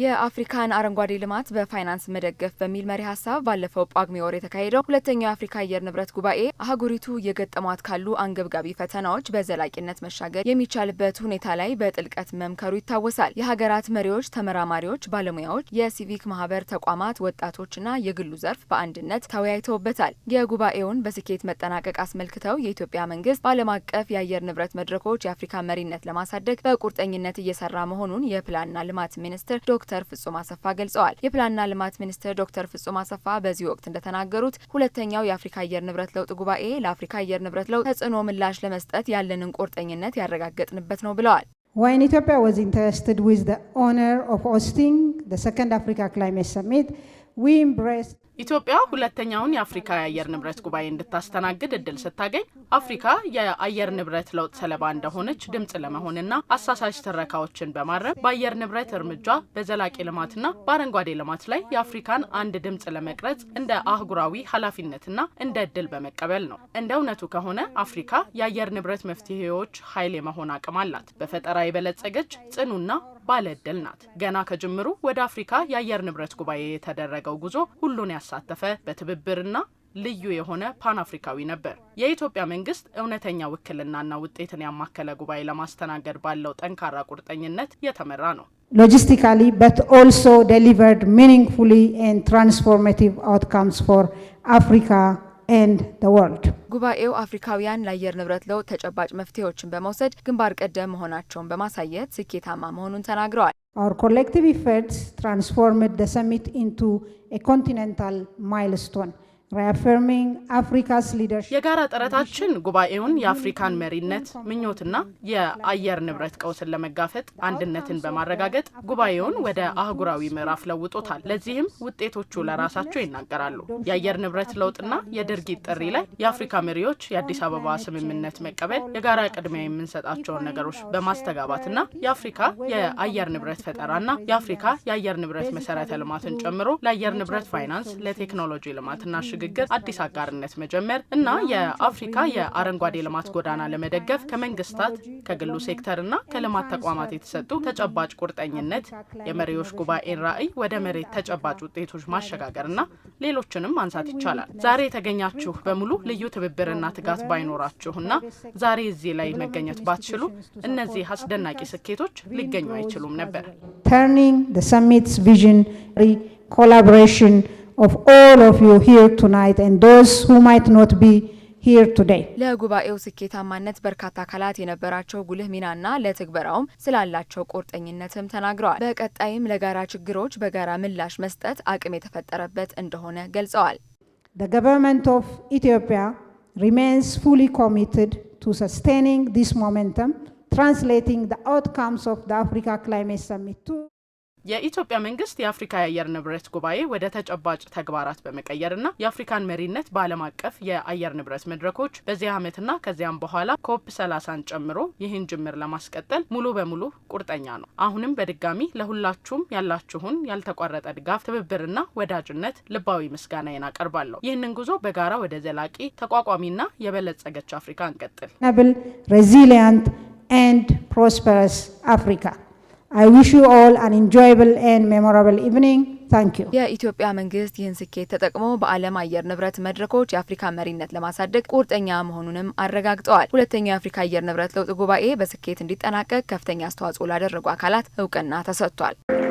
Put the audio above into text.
የአፍሪካን አረንጓዴ ልማት በፋይናንስ መደገፍ በሚል መሪ ሀሳብ ባለፈው ጳጉሜ ወር የተካሄደው ሁለተኛው የአፍሪካ አየር ንብረት ጉባኤ አህጉሪቱ የገጠሟት ካሉ አንገብጋቢ ፈተናዎች በዘላቂነት መሻገር የሚቻልበት ሁኔታ ላይ በጥልቀት መምከሩ ይታወሳል። የሀገራት መሪዎች፣ ተመራማሪዎች፣ ባለሙያዎች፣ የሲቪክ ማህበር ተቋማት፣ ወጣቶችና የግሉ ዘርፍ በአንድነት ተወያይተውበታል። የጉባኤውን በስኬት መጠናቀቅ አስመልክተው የኢትዮጵያ መንግስት በዓለም አቀፍ የአየር ንብረት መድረኮች የአፍሪካ መሪነት ለማሳደግ በቁርጠኝነት እየሰራ መሆኑን የፕላንና ልማት ሚኒስትር ዶክተር ፍጹም አሰፋ ገልጸዋል። የፕላንና ልማት ሚኒስትር ዶክተር ፍጹም አሰፋ በዚህ ወቅት እንደተናገሩት ሁለተኛው የአፍሪካ አየር ንብረት ለውጥ ጉባኤ ለአፍሪካ አየር ንብረት ለውጥ ተጽዕኖ ምላሽ ለመስጠት ያለንን ቁርጠኝነት ያረጋገጥንበት ነው ብለዋል። ዋይን ኢትዮጵያ ዋዝ ኢንተረስትድ ዊዝ ዘ ኦነር ኦፍ ሆስቲንግ ዘ ሰከንድ አፍሪካ ክላይሜት ሰሚት ዊ ኢምብሬስ ኢትዮጵያ ሁለተኛውን የአፍሪካ የአየር ንብረት ጉባኤ እንድታስተናግድ እድል ስታገኝ አፍሪካ የአየር ንብረት ለውጥ ሰለባ እንደሆነች ድምጽ ለመሆንና አሳሳች ትረካዎችን በማረም በአየር ንብረት እርምጃ በዘላቂ ልማትና በአረንጓዴ ልማት ላይ የአፍሪካን አንድ ድምጽ ለመቅረጽ እንደ አህጉራዊ ኃላፊነትና እንደ እድል በመቀበል ነው። እንደ እውነቱ ከሆነ አፍሪካ የአየር ንብረት መፍትሄዎች ኃይል የመሆን አቅም አላት። በፈጠራ የበለጸገች ጽኑና ባለ እድል ናት። ገና ከጅምሩ ወደ አፍሪካ የአየር ንብረት ጉባኤ የተደረገው ጉዞ ሁሉን ያሳተፈ በትብብርና ልዩ የሆነ ፓን አፍሪካዊ ነበር። የኢትዮጵያ መንግስት እውነተኛ ውክልናና ውጤትን ያማከለ ጉባኤ ለማስተናገድ ባለው ጠንካራ ቁርጠኝነት የተመራ ነው። ሎጂስቲካሊ በት ኦልሶ ዴሊቨርድ ሚኒንግፉሊ ኤንድ ትራንስፎርሜቲቭ አውትካምስ ፎር አፍሪካ ኤንድ ዘ ወርልድ። ጉባኤው አፍሪካውያን ለአየር ንብረት ለውጥ ተጨባጭ መፍትሄዎችን በመውሰድ ግንባር ቀደም መሆናቸውን በማሳየት ስኬታማ መሆኑን ተናግረዋል። Our collective efforts transformed the summit into a continental milestone የጋራ ጥረታችን ጉባኤውን የአፍሪካን መሪነት ምኞትና የአየር ንብረት ቀውስን ለመጋፈጥ አንድነትን በማረጋገጥ ጉባኤውን ወደ አህጉራዊ ምዕራፍ ለውጦታል። ለዚህም ውጤቶቹ ለራሳቸው ይናገራሉ። የአየር ንብረት ለውጥና የድርጊት ጥሪ ላይ የአፍሪካ መሪዎች የአዲስ አበባ ስምምነት መቀበል፣ የጋራ ቅድሚያ የምንሰጣቸውን ነገሮች በማስተጋባትና የአፍሪካ የአየር ንብረት ፈጠራና የአፍሪካ የአየር ንብረት መሰረተ ልማትን ጨምሮ ለአየር ንብረት ፋይናንስ፣ ለቴክኖሎጂ ልማትና ንግግር አዲስ አጋርነት መጀመር እና የአፍሪካ የአረንጓዴ ልማት ጎዳና ለመደገፍ ከመንግስታት ከግሉ ሴክተር ና ከልማት ተቋማት የተሰጡ ተጨባጭ ቁርጠኝነት የመሪዎች ጉባኤን ራዕይ ወደ መሬት ተጨባጭ ውጤቶች ማሸጋገር እና ሌሎችንም ማንሳት ይቻላል። ዛሬ የተገኛችሁ በሙሉ ልዩ ትብብርና ትጋት ባይኖራችሁ እና ዛሬ እዚህ ላይ መገኘት ባትችሉ እነዚህ አስደናቂ ስኬቶች ሊገኙ አይችሉም ነበር። of all of you here tonight and those who might not be here today. ለጉባኤው ስኬታማነት በርካታ አካላት የነበራቸው ጉልህ ሚናና ለትግበራውም ስላላቸው ቁርጠኝነትም ተናግረዋል። በቀጣይም ለጋራ ችግሮች በጋራ ምላሽ መስጠት አቅም የተፈጠረበት እንደሆነ ገልጸዋል። The government of Ethiopia remains fully committed to sustaining this momentum, translating the outcomes of the Africa Climate Summit to የኢትዮጵያ መንግስት የአፍሪካ የአየር ንብረት ጉባኤ ወደ ተጨባጭ ተግባራት በመቀየርና የአፍሪካን መሪነት በዓለም አቀፍ የአየር ንብረት መድረኮች በዚህ ዓመትና ከዚያም በኋላ ኮፕ ሰላሳን ጨምሮ ይህን ጅምር ለማስቀጠል ሙሉ በሙሉ ቁርጠኛ ነው። አሁንም በድጋሚ ለሁላችሁም ያላችሁን ያልተቋረጠ ድጋፍ፣ ትብብርና ወዳጅነት ልባዊ ምስጋናዬን አቀርባለሁ። ይህንን ጉዞ በጋራ ወደ ዘላቂ ተቋቋሚና የበለጸገች አፍሪካ እንቀጥል። ነብል ሬዚሊያንት ኤንድ ፕሮስፐረስ አፍሪካ አይ ዊሽ ዩ ኦል አን ኢንጆይብል ኤንድ ሜሞራብል ኢቭኒንግ ታንክ ዩ። የኢትዮጵያ መንግስት ይህን ስኬት ተጠቅሞ በዓለም አየር ንብረት መድረኮች የአፍሪካ መሪነት ለማሳደግ ቁርጠኛ መሆኑንም አረጋግጠዋል። ሁለተኛው የአፍሪካ አየር ንብረት ለውጥ ጉባኤ በስኬት እንዲጠናቀቅ ከፍተኛ አስተዋጽኦ ላደረጉ አካላት እውቅና ተሰጥቷል።